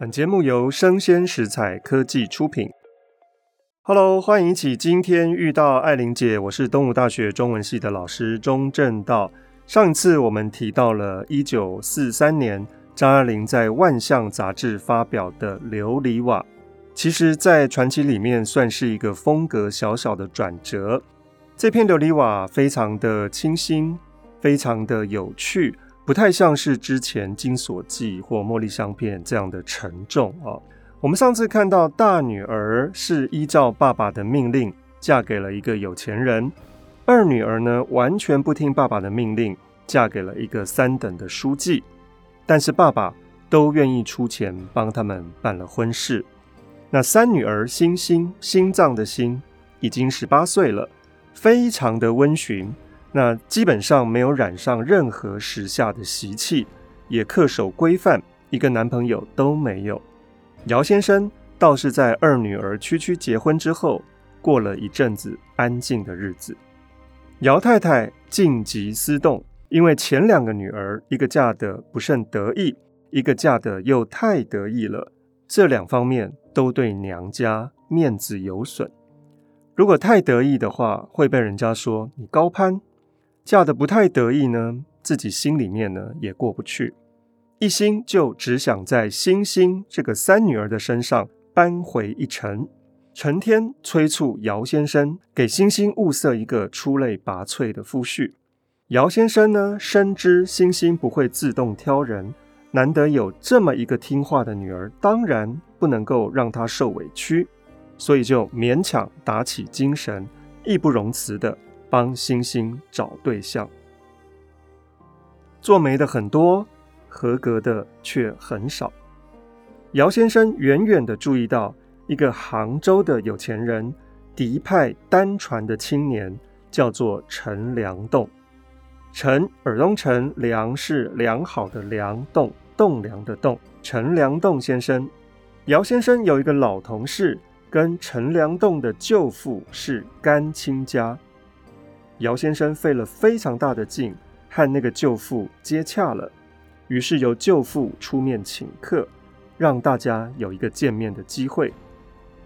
本節目由聲鮮時采科技出品。Hello，歡迎一起今天遇到愛玲姐，我是東吳大學中文系的老師鍾正道。上一次我們提到了一九四三年張愛玲在《萬象》雜誌發表的《琉璃瓦》，其實，在傳奇裡面算是一個風格小小的轉折。這篇《琉璃瓦》非常的清新，非常的有趣。不太像是之前《金鎖記》或《茉莉香片》這樣的沉重啊。我們上次看到大女兒是依照爸爸的命令嫁給了一個有錢人，二女兒呢，完全不聽爸爸的命令，嫁給了一個三等的書記，但是爸爸都願意出錢幫他們辦了婚事。那三女兒心心心，心臟的心，已經十八歲了，非常的溫馴。那基本上沒有染上任何時下的習氣，也恪守規範，一個男朋友都沒有。姚先生倒是在二女兒曲曲結婚之後，過了一陣子安靜的日子。姚太太靜極思動，因為前兩個女兒，一個嫁得不甚得意，一個嫁得又太得意了，這兩方面都對娘家面子有損。如果太得意的話，會被人家說你高攀。嫁得不太得意呢，自己心裡面呢也過不去，一心就只想在心心這個三女兒的身上扳回一城，成天催促姚先生給心心物色一個出類拔萃的夫婿。姚先生呢深知心心不會自動挑人，難得有這麼一個聽話的女兒，當然不能夠讓她受委屈，所以就勉強打起精神，義不容辭的。幫星星找對象，做媒的很多，合格的卻很少。姚先生遠遠的注意到一個杭州的有錢人，嫡派單傳的青年，叫做陳良棟。陳，耳東陳，良是良好的良棟，棟梁的棟。陳良棟先生，姚先生有一個老同事，跟陳良棟的舅父是乾親家。姚先生費了非常大的勁和那個舅父接洽了，於是由舅父出面請客，讓大家有一個見面的機會。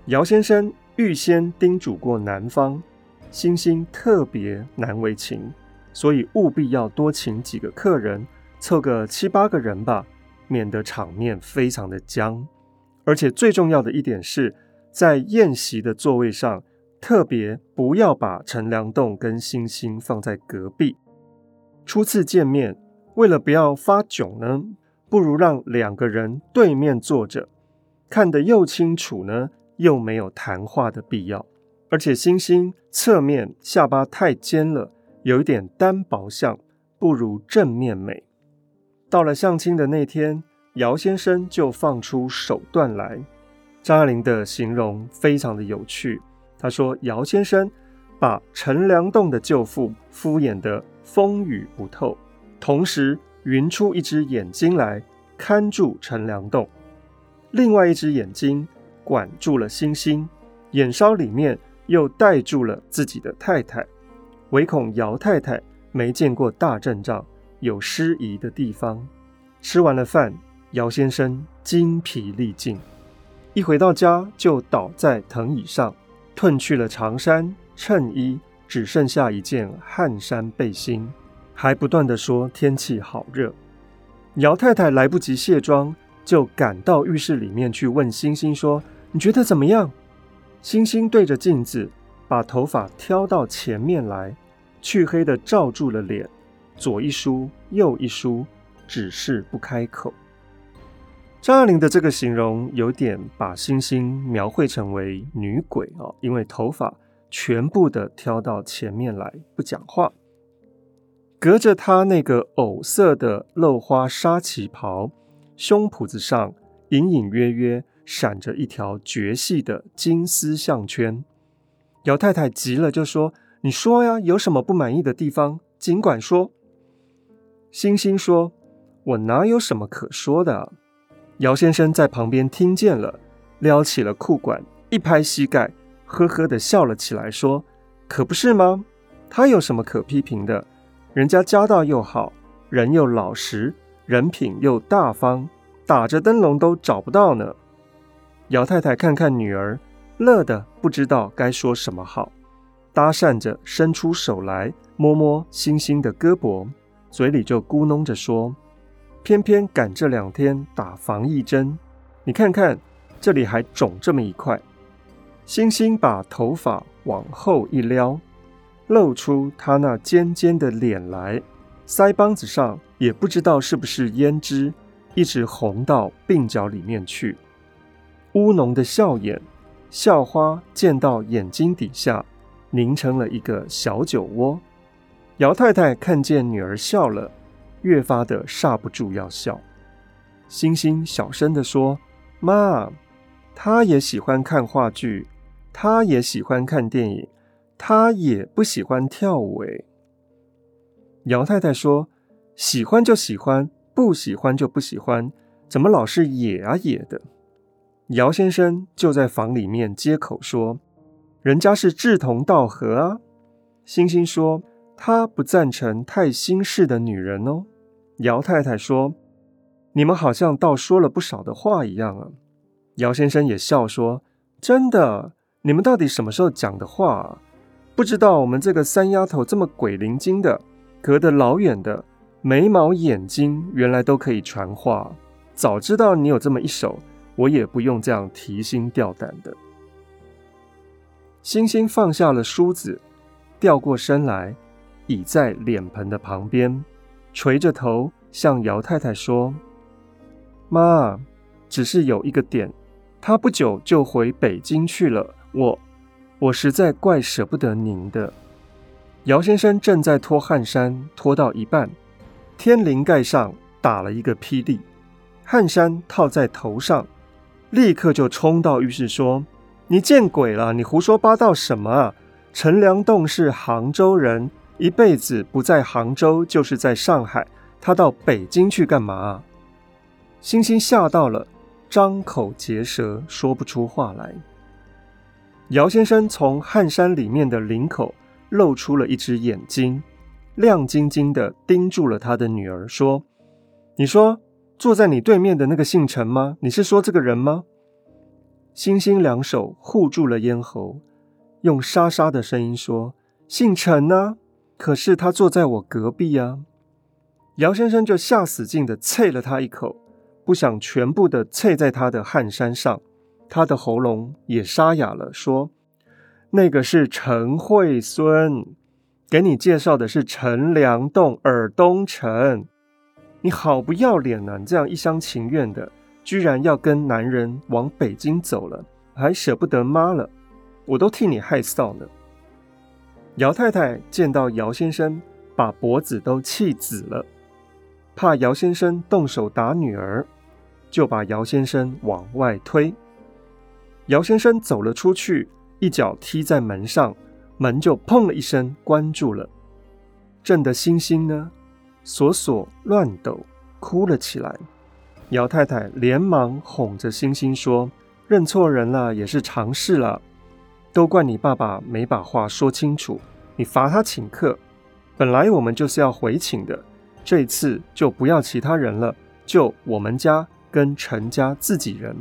姚先生預先叮囑過男方，心心特別難為情，所以務必要多請幾個客人，湊個七八個人吧，免得場面非常的僵。而且最重要的一點是，在宴席的座位上。特別不要把陳良棟跟星星放在隔壁。初次見面，為了不要發窘呢，不如讓兩個人對面坐着，看得又清楚呢，又沒有談話的必要。而且星星側面下巴太尖了，有一點單薄相，不如正面美。到了相親的那天，姚先生就放出手段來。張愛玲的形容非常的有趣。他說：“姚先生把陳良棟的舅父敷衍得風雨不透，同時勻出一只眼睛來看住陳良棟，另外一只眼睛管住了心心，眼梢裡面又帶住了自己的太太，唯恐姚太太沒見過大陣仗，有失儀的地方。”吃完了飯，姚先生精疲力盡，一回到家就倒在藤椅上。褪去了長衫襯衣，只剩下一件汗衫背心，還不斷地說天氣好熱。姚太太來不及卸妝，就趕到浴室裡面去問星星說：“你覺得怎麼樣？”星星對着鏡子，把頭髮挑到前面來，黢黑的罩住了臉，左一梳，右一梳，只是不開口。張愛玲的這個形容有點把星星描繪成為女鬼啊、哦，因為頭髮全部的挑到前面來，不講話，隔着她那個藕色的鏤花紗旗袍，胸脯子上隱隱約約閃着一條絕細的金絲項圈。姚太太急了，就說：“你說呀，有什麼不滿意的地方，儘管說。”星星說：“我哪有什麼可說的。”姚先生在旁邊聽見了，撩起了褲管，一拍膝蓋，呵呵地笑了起來，說：“可不是嗎？他有什麼可批評的？人家家道又好，人又老實，人品又大方，打着燈籠都找不到呢。”姚太太看看女兒，樂得不知道該說什麼好，搭訕着伸出手來摸摸星星的胳膊，嘴裡就咕哝着說。偏偏趕這兩天打防疫針，你看看這裡還腫這麼一塊。星星把頭髮往後一撩，露出她那尖尖的臉來，腮幫子上也不知道是不是胭脂，一直紅到鬢角裡面去。烏濃的笑眼，笑花濺到眼睛底下，凝成了一個小酒窩。姚太太看見女兒笑了，越發的煞不住要笑，星星小聲地說：“媽，她也喜歡看話劇，她也喜歡看電影，她也不喜歡跳舞。”哎，姚太太說：“喜歡就喜歡，不喜歡就不喜歡，怎麼老是野啊野的？”姚先生就在房裡面接口說：“人家是志同道合啊。”星星說：“她不贊成太新式的女人哦。”姚太太說：“你們好像倒說了不少的話一樣啊。”姚先生也笑說：“真的，你們到底什麼時候講的話啊？不知道我們這個三丫頭這麼鬼靈精的，隔得老遠的眉毛眼睛，原來都可以傳話。早知道你有這麼一手，我也不用這樣提心吊膽的。”星星放下了梳子，掉過身來，倚在臉盆的旁邊。垂着頭向姚太太說：“媽，只是有一個點，他不久就回北京去了。我，我實在怪舍不得您的。”姚先生正在脫汗衫，脫到一半，天靈蓋上打了一個霹靂，汗衫套在頭上，立刻就衝到浴室說：“你見鬼了！你胡說八道什麼啊？陳良棟是杭州人。”一輩子不在杭州，就是在上海。他到北京去幹嘛啊？星星嚇到了，張口結舌，說不出話來。姚先生從汗衫裡面的領口露出了一隻眼睛，亮晶晶的盯住了他的女兒，說：“你說坐在你對面的那個姓陳嗎？你是說這個人嗎？”星星兩手護住了咽喉，用沙沙的聲音說：“姓陳呢？可是他坐在我隔壁啊。姚先生就下死勁的啐了他一口。不想全部的啐在他的汗衫上。他的喉嚨也沙啞了，說：“那個是陳慧孫，給你介紹的是陳良棟、耳東陳，你好不要臉吶！你這樣一廂情願的，居然要跟男人往北京走了，還捨不得媽了，我都替你害臊呢。”姚太太見到姚先生，把脖子都氣紫了，怕姚先生動手打女兒，就把姚先生往外推。姚先生走了出去，一腳踢在門上，門就砰的一聲關住了。震得星星呢，索索亂抖，哭了起來。姚太太連忙哄着星星說：“認錯人了，也是常事了。”都怪你爸爸沒把話說清楚，你罰他請客。本來我們就是要回請的，這次就不要其他人了，就我們家跟陳家自己人。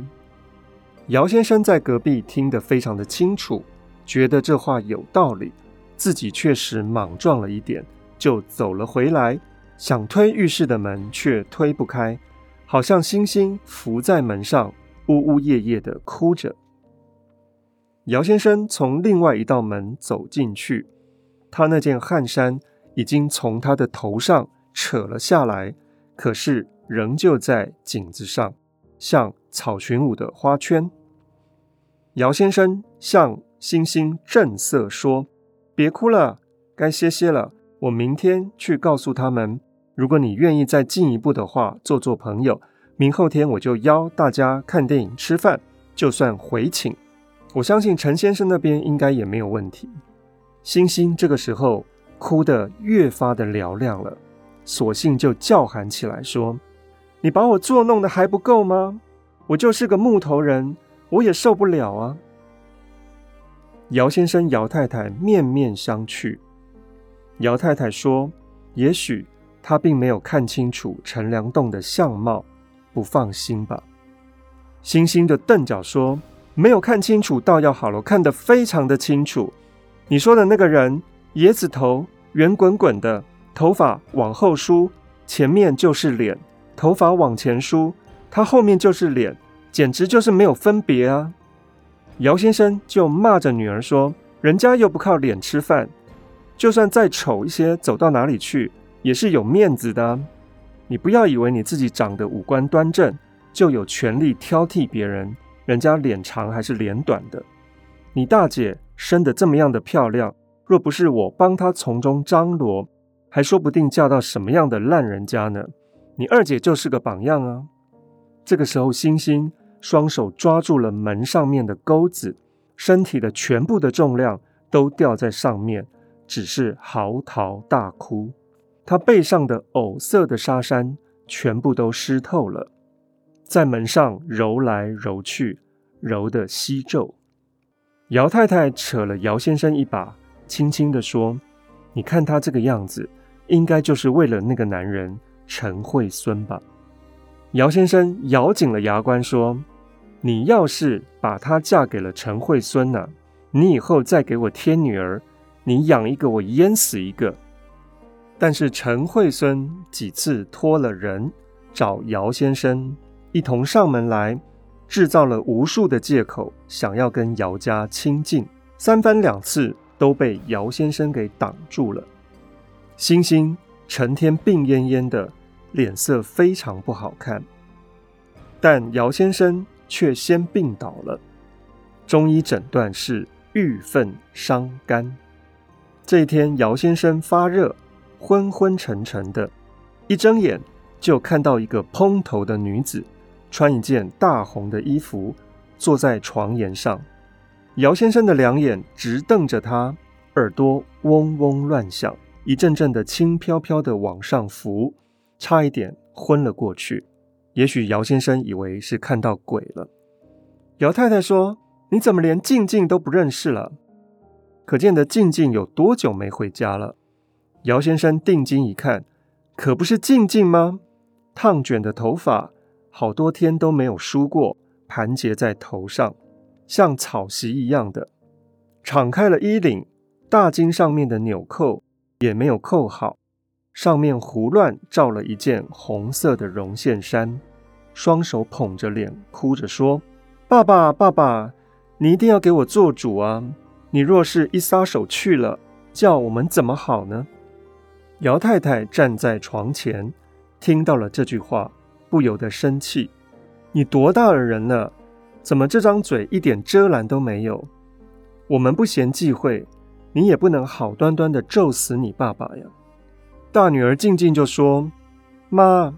姚先生在隔壁聽得非常的清楚，覺得這話有道理，自己確實莽撞了一點，就走了回來，想推浴室的門卻推不開，好像星星伏在門上，嗚嗚咽咽的哭着。姚先生從另外一道門走進去，他那件汗衫已經從他的頭上扯了下來，可是仍舊在頸子上，像草裙舞的花圈。姚先生向星星正色說：“別哭了，該歇歇了。我明天去告訴他們，如果你願意再進一步的話，做做朋友。明後天我就邀大家看電影、吃飯，就算回請。”我相信陳先生那邊應該也沒有問題。星星這個時候哭得越發的嘹亮了，索性就叫喊起來說：“你把我作弄得還不夠嗎？我就是個木頭人，我也受不了啊！”姚先生、姚太太面面相覷。姚太太說：“也許她並沒有看清楚陳良棟的相貌，不放心吧？”星星就瞪腳說：沒有看清楚，倒要好了，看得非常的清楚。你說的那個人，椰子頭，圓滾滾的，頭髮往後梳，前面就是臉；頭髮往前梳，他後面就是臉，簡直就是沒有分別啊！姚先生就罵着女兒說：“人家又不靠臉吃飯，就算再醜一些，走到哪裡去也是有面子的啊。你不要以為你自己長得五官端正，就有權利挑剔別人。”人家臉長還是臉短的？你大姐生得這麼樣的漂亮，若不是我幫她從中張羅，還說不定嫁到什麼樣的爛人家呢？你二姐就是個榜樣啊！這個時候，星星雙手抓住了門上面的鈎子，身體的全部的重量都吊在上面，只是嚎啕大哭。她背上的藕色的紗衫全部都濕透了。在門上揉來揉去，揉得稀皺。姚太太扯了姚先生一把，輕輕地說：“你看他這個樣子，應該就是為了那個男人陳惠孫吧？”姚先生咬緊了牙關說：“你要是把她嫁給了陳惠孫呢、啊？你以後再給我添女兒，你養一個我淹死一個。”但是陳惠孫幾次托了人找姚先生。一同上門來，制造了無數的借口，想要跟姚家親近，三番兩次都被姚先生給擋住了。星星成天病懨懨的，臉色非常不好看，但姚先生卻先病倒了。中醫診斷是鬱憤傷肝。這一天，姚先生發熱，昏昏沉沉的，一睜眼就看到一個蓬頭的女子。穿一件大紅的衣服，坐在床沿上。姚先生的兩眼直瞪着他，耳朵嗡嗡亂響，一陣陣的輕飄飄的往上浮，差一點昏了過去。也許姚先生以為是看到鬼了。姚太太說：“你怎麼連靜靜都不認識了？可見得靜靜有多久沒回家了？”姚先生定睛一看，可不是靜靜嗎？燙捲的頭髮。好多天都沒有梳過，盤結在頭上，像草席一樣的，敞開了衣領，大襟上面的紐扣也沒有扣好，上面胡亂罩了一件紅色的絨線衫，雙手捧着臉，哭着說：“爸爸，爸爸，你一定要給我做主啊！你若是一撒手去了，叫我們怎麼好呢？”姚太太站在床前，聽到了這句話。不由得生氣：“你多大的人了，怎麼這張嘴一點遮攔都沒有？我們不嫌忌諱，你也不能好端端的咒死你爸爸呀！”大女兒靜靜就說：“媽，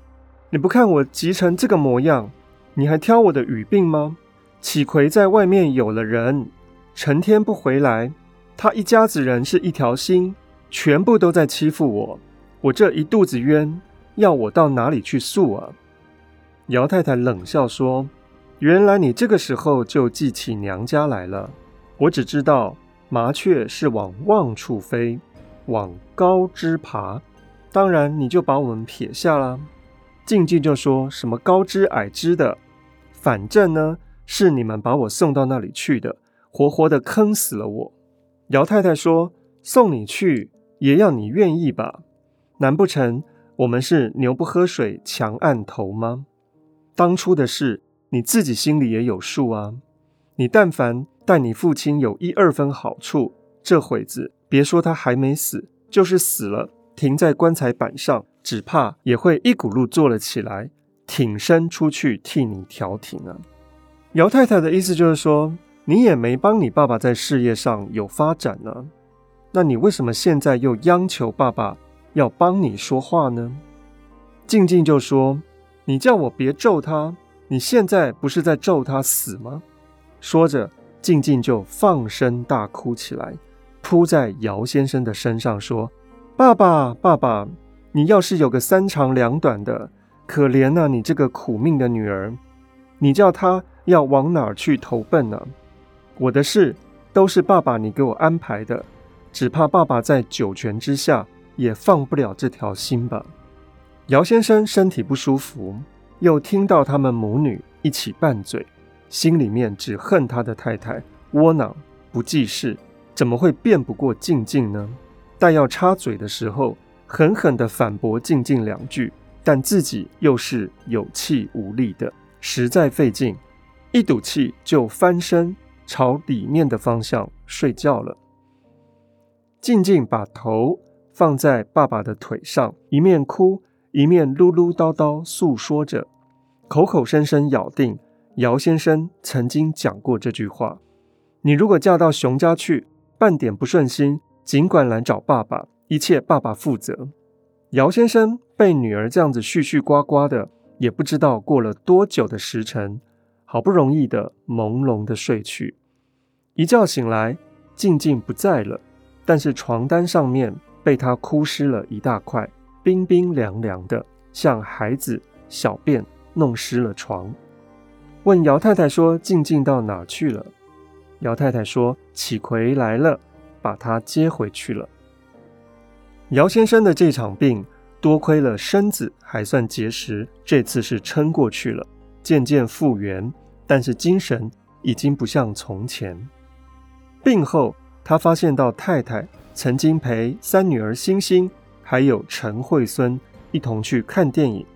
你不看我急成這個模樣，你還挑我的語病嗎？啟奎在外面有了人，成天不回來，他一家子人是一條心，全部都在欺負我，我這一肚子冤，要我到哪裡去訴啊？”姚太太冷笑說：“原來你這個時候就記起娘家來了。我只知道麻雀是往旺處飛，往高枝爬。當然，你就把我們撇下啦。靜靜就說什麼高枝矮枝的，反正呢是你們把我送到那裡去的，活活的坑死了我。”姚太太說：“送你去也要你願意吧？難不成我們是牛不喝水強按頭嗎？”當初的事，你自己心裡也有數啊。你但凡待你父親有一二分好處，這會子別說他還沒死，就是死了，停在棺材板上，只怕也會一骨碌坐了起來，挺身出去替你調停啊。姚太太的意思就是說，你也沒幫你爸爸在事業上有發展呢，啊，那你為什麼現在又央求爸爸要幫你說話呢？靜靜就說。你叫我別咒他，你現在不是在咒他死嗎？說着，靜靜就放聲大哭起來，撲在姚先生的身上說：“爸爸，爸爸，你要是有個三長兩短的，可憐啊，你這個苦命的女兒，你叫她要往哪兒去投奔呢？我的事都是爸爸你給我安排的，只怕爸爸在九泉之下也放不了這條心吧。”姚先生身體不舒服，又聽到他們母女一起拌嘴，心裡面只恨他的太太窩囊不濟事，怎麼會辯不過靜靜呢？待要插嘴的時候，狠狠地反駁靜靜兩句，但自己又是有氣無力的，實在費勁。一賭氣就翻身朝裡面的方向睡覺了。靜靜把頭放在爸爸的腿上，一面哭。一面嘮嘮叨叨訴說着，口口聲聲咬定姚先生曾經講過這句話：“你如果嫁到熊家去，半點不順心，儘管來找爸爸，一切爸爸負責。”姚先生被女兒這樣子絮絮呱呱的，也不知道過了多久的時辰，好不容易的朦朧的睡去。一覺醒來，靜靜不在了，但是床單上面被她哭濕了一大塊。冰冰涼涼的，像孩子小便弄濕了床。問姚太太說：“靜靜到哪去了？”姚太太說：“啟奎來了，把他接回去了。”姚先生的這場病，多虧了身子還算結實，這次是撐過去了，漸漸復原。但是精神已經不像從前。病後，他發現到太太曾經陪三女兒心心。還有陳慧孫一同去看電影，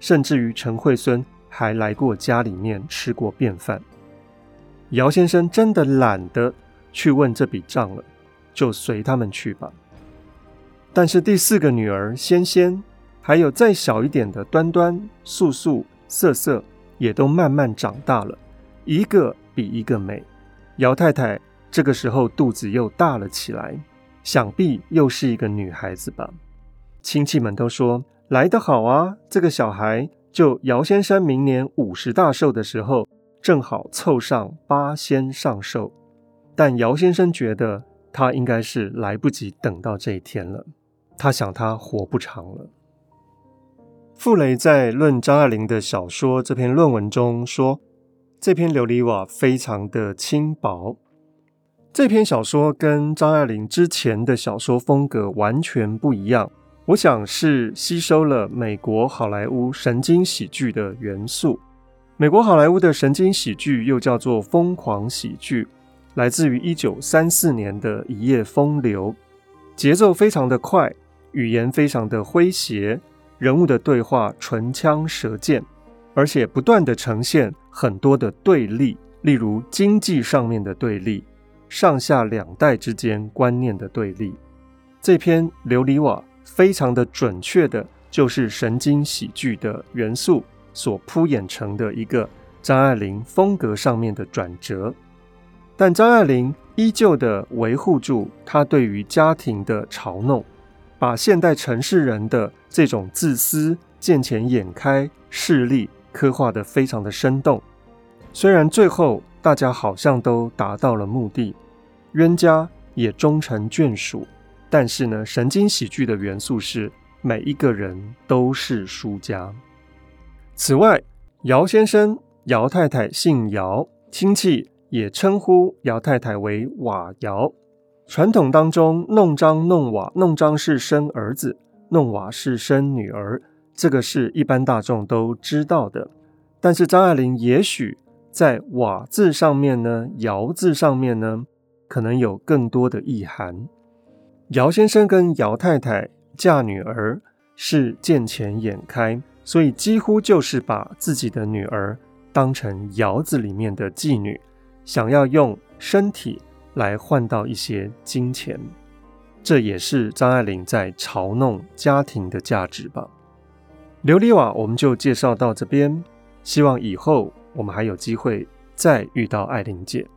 甚至於陳慧孫還來過家裡面吃過便飯。姚先生真的懶得去問這筆賬了，就隨他們去吧。但是第四個女兒仙仙，還有再小一點的端端、素素、瑟瑟，也都慢慢長大了，一個比一個美。姚太太這個時候肚子又大了起來。想必又是一個女孩子吧？親戚們都說來得好啊！這個小孩，就姚先生明年五十大壽的時候，正好湊上八仙上壽。但姚先生覺得他應該是來不及等到這一天了，他想他活不長了。傅雷在《論張愛玲的小說》這篇論文中說，這篇《琉璃瓦》非常的輕薄。這篇小說跟張愛玲之前的小說風格完全不一樣，我想是吸收了美國好萊塢神經喜劇的元素。美國好萊塢的神經喜劇又叫做瘋狂喜劇，來自於一九三四年的《一夜風流》，節奏非常的快，語言非常的詼諧，人物的對話唇槍舌劍，而且不斷的呈現很多的對立，例如經濟上面的對立。上下兩代之間觀念的對立，這篇《琉璃瓦》非常的準確的，就是神經喜劇的元素所鋪演成的一個張愛玲風格上面的轉折。但張愛玲依舊的維護住她對於家庭的嘲弄，把現代城市人的這種自私、見錢眼開、勢利刻畫得非常的生動。雖然最後大家好像都達到了目的。冤家也終成眷屬，但是呢，神經喜劇的元素是每一個人都是輸家。此外，姚先生、姚太太姓姚，親戚也稱呼姚太太為瓦姚。傳統當中，弄璋弄瓦，弄璋是生兒子，弄瓦是生女兒，這個是一般大眾都知道的。但是張愛玲也許在瓦字上面呢，姚字上面呢。可能有更多的意涵。姚先生跟姚太太嫁女兒是見錢眼開，所以幾乎就是把自己的女兒當成窯子裡面的妓女，想要用身體來換到一些金錢。這也是張愛玲在嘲弄家庭的價值吧。琉璃瓦，我們就介紹到這邊，希望以後我們還有機會再遇到愛玲姐。